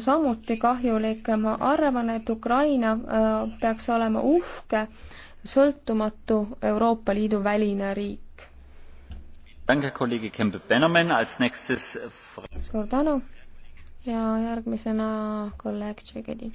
samuti kahjulik. ma arvan, et Ukraina äh, peaks olema uhke, sõltumatu Euroopa Liidu väline riik. suur tänu ja järgmisena kolleeg Tšegedi.